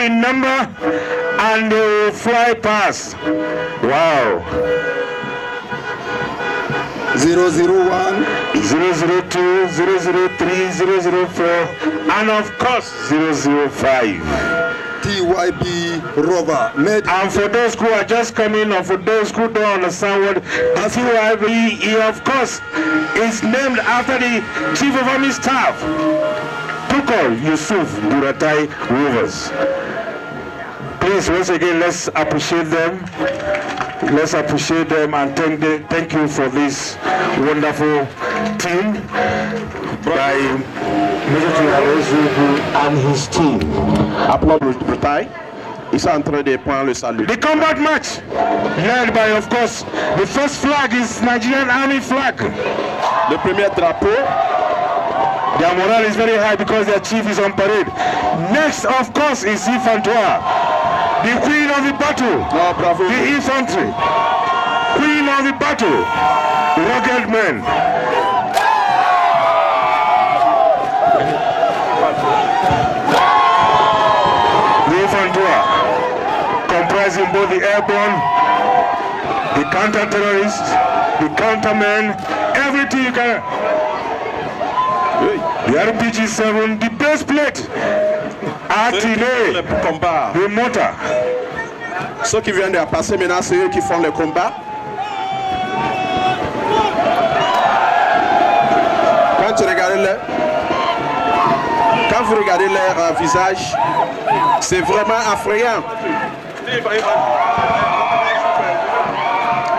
in number and they will fly past. Wow. 001, 002, 003, 004, and of course 005. TYB rover. and for those who are just coming or for those who don't understand what TYB is, of course, is named after the chief of army staff, Tukol Yusuf Buratai Rovers. Please, once again, let's appreciate them. Let's appreciate them and thank, thank you for this wonderful team by and his team. for en train de prendre le salut. The combat match, led by, of course, the first flag is Nigerian Army flag. Le premier drapeau. Their morale is very high because their chief is on parade. Next, of course, is Ifantwa the queen of the battle, the infantry, queen of the battle, rugged men. The infantry, comprising both the airborne, the counter-terrorists, the countermen, everything you can. The RPG-7, the best plate. matinée le combat. Ceux qui viennent de passer maintenant, c'est eux qui font le combat. Quand, tu regardes les Quand vous regardez leur euh, visage, c'est vraiment effrayant.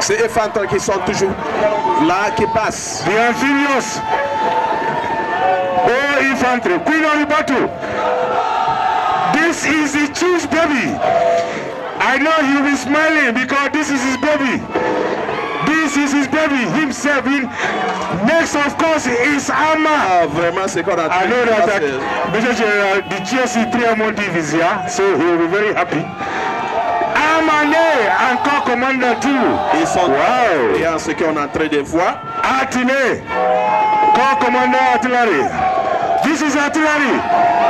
C'est effrayant qui sont toujours là, qui passent. Bien, Oh, Infantry, Queen Olibatu. This is the chief's baby. I know he'll be smiling because this is his baby. This is his baby himself. In, next, of course, is Ama. I know that, that uh, Major General, the GSC three MO div is here, so he'll be very happy. Amane and Corps Commander too. Ils sont wow. et en ce qu'on est en train de voix. Attiné. Corps Commander Artillery. This is artillery.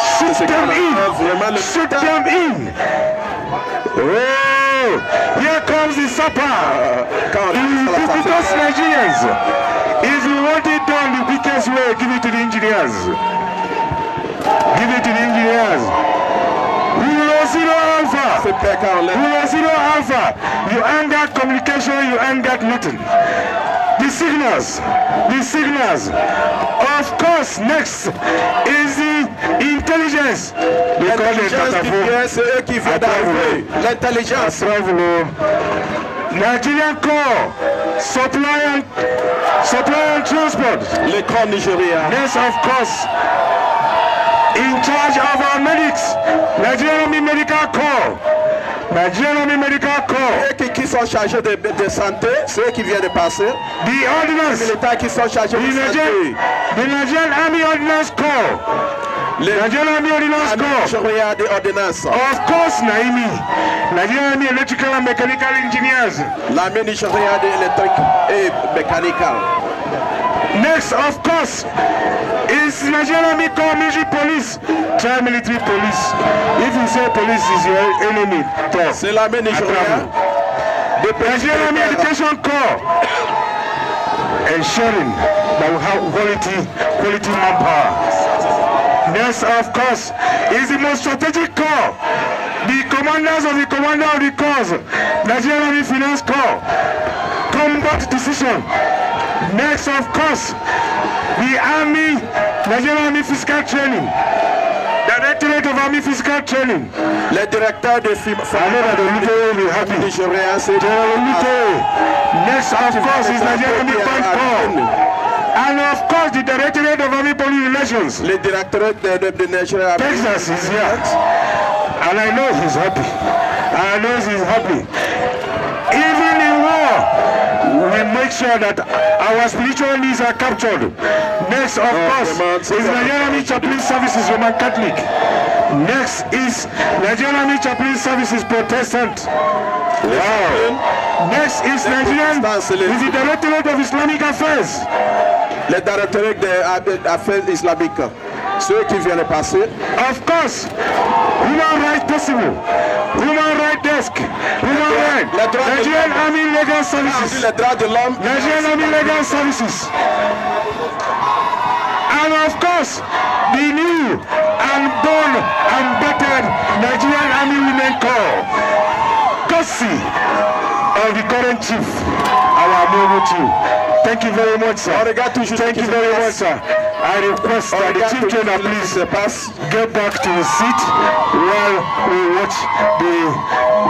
Shoot them in. Shoot them in. Oh, here comes the supper. because Nigerians. If you want it done the quickest way, give it to the engineers. Give it to the engineers. Zero Alpha. Zero Alpha. You earn that communication, you earn that meeting. The signals, the signals. Of course. next easy intelligence. L'école C'est eux qui viennent. d'arriver. L'intelligence. Nigerian Corps, supply and, supply and transport. Le corps nigérien. Yes, of course. In charge of our medics, Nigerian Army Medical Corps. Nigerian Army Medical Corps. Ceux qui, qui sont chargés de, de santé, ceux qui viennent de passer. The ordinance. Les militaires qui sont chargés de santé. The Nigerian Army Ordnance Corps. Le Nigerian Army Ordnance Corps. The ordinance. Of course, Naimi. Nigerian Army Electrical and Mechanical Engineers. L'armée de électrique et Mechanical. Next, of course, is Nigerian Army Corps Military Police, Tri Military Police. If you say police is your enemy, talk. C'est la nigériane. The Nigerian Army Education Corps. Ensuring that will have quality, quality manpower. Next, of course, is the most strategic call: The commanders of the commander of the corps, Nigerian Army Finance Corps, combat decision. Next, of course, the Army, Nigerian Army Fiscal Training. Directorate of Army Fiscal Training. Le directeur de FIM. will be happy. General Next, of course, is Nigerian Army Bank Corps. And of course, the Directorate of Army public Relations. The Directorate of the National Texas is here. And I know he's happy. I know he's happy. Even in war, we make sure that our spiritual needs are captured. Next, of oh, course, is Nigerian Army Chaplain Services Roman Catholic. Next is Nigerian Army Chaplain Services Protestant. Wow. Next is Nigerian is the Directorate of Islamic Affairs. les directeurs des affaires islamiques, ceux qui viennent passer. Of course, human rights possible, human rights desk, human rights, Nigerian Army Legal ah, Services, Nigerian Army Legal Services. And of course, the new and born and better Nigerian Army Women Corps, Kossi, of the current chief. Thank you very much, sir. Thank you very much, sir. I request that the children are please pass. get back to his seat while we watch the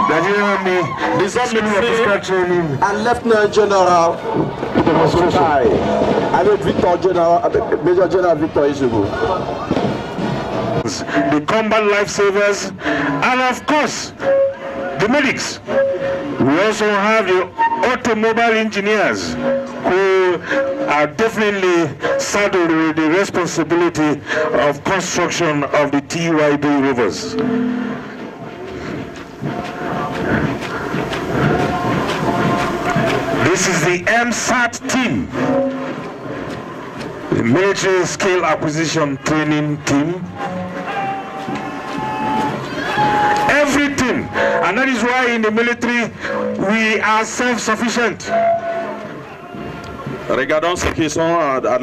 Nigerian Army disarming of physical training. And Lieutenant General Kutai, I mean Victor General, Major General Victor Isubu. The combat lifesavers, and of course, the medics. We also have the automobile engineers who are definitely saddled with the responsibility of construction of the TYB rivers. This is the MSAT team, the military scale acquisition training team And why in the military, we are self-sufficient. Regardons ce qu'ils sont à, à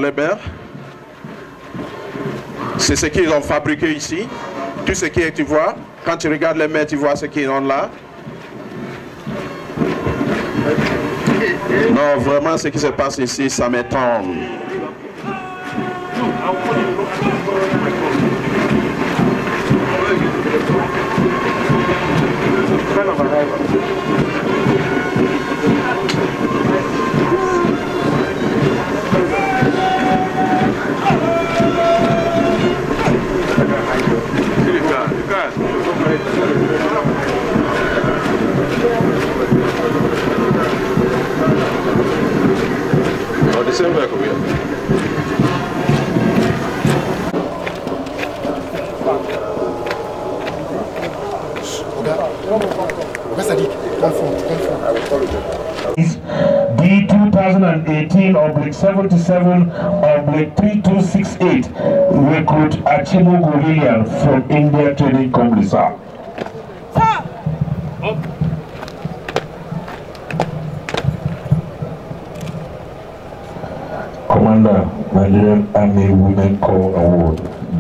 C'est ce qu'ils ont fabriqué ici. Tout ce qui est, tu vois, quand tu regardes les mains, tu vois ce qu'ils ont là. Non, vraiment, ce qui se passe ici, ça m'étonne. のがないわ The 2018 oblique 77 oblique 3268 recruit Achimu from India Trading Company, sir. Commander, Nigerian Army Women Corps Award,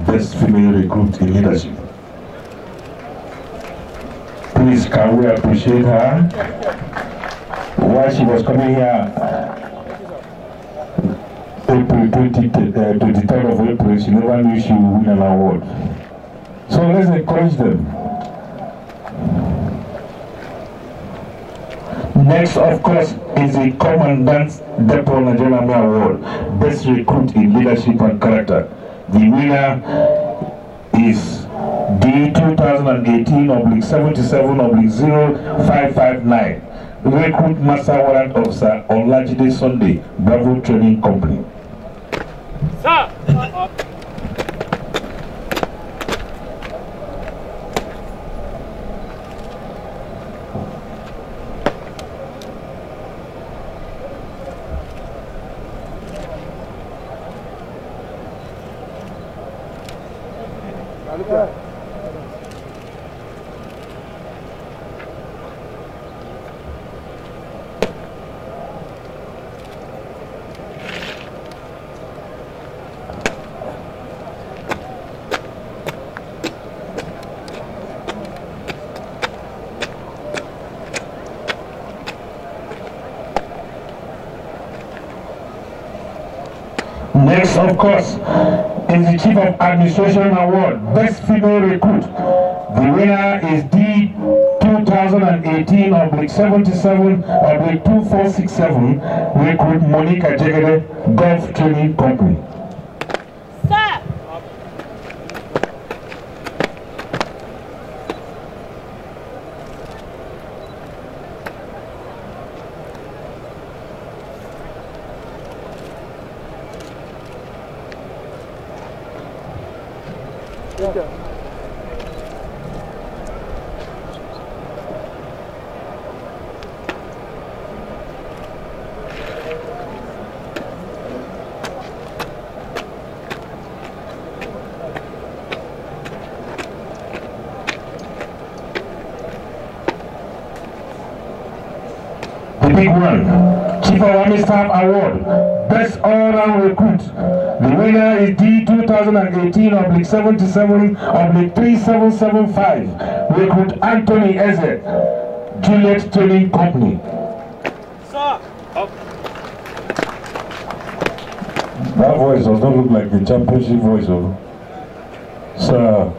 Best Female Recruit in Leadership. Can we appreciate her? While she was coming here, April 20, uh, 23rd of April, she never knew she would win an award. So let's encourage them. Next, of course, is the Commandant's Depot Nigerian Army Award, Best Recruit in Leadership and Character. The winner is D 2018 oblique 77 oblique 0559. Recruit Master Warrant Officer on Lajide Sunday, Bravo Training Company. Sir. Next, of course, is the Chief of Administration Award, Best Female Recruit. The winner is D 2018 oblique 77 oblique 2467 recruit Monica Jegede Golf Training Company. touchdown. Big one. Chief Awami's Staff Award, Best All-Round Recruit the winner is D 2018 oblique 77 oblique 3775, recruit Anthony Eze, Juliet Training Company. Sir. That voice does not look like the championship voice, Sir.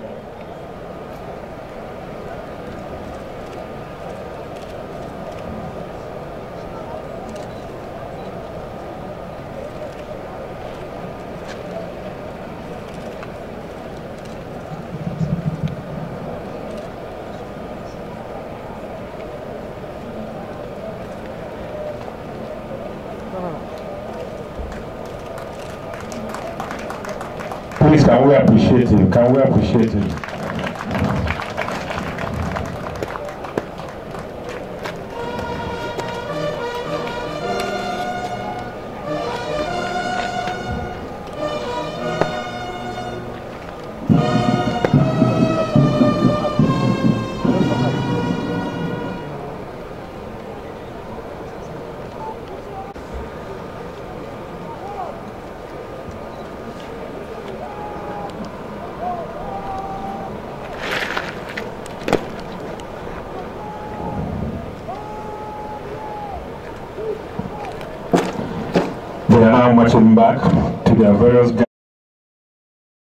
Can we appreciate him? Can we appreciate him? welcome back to their various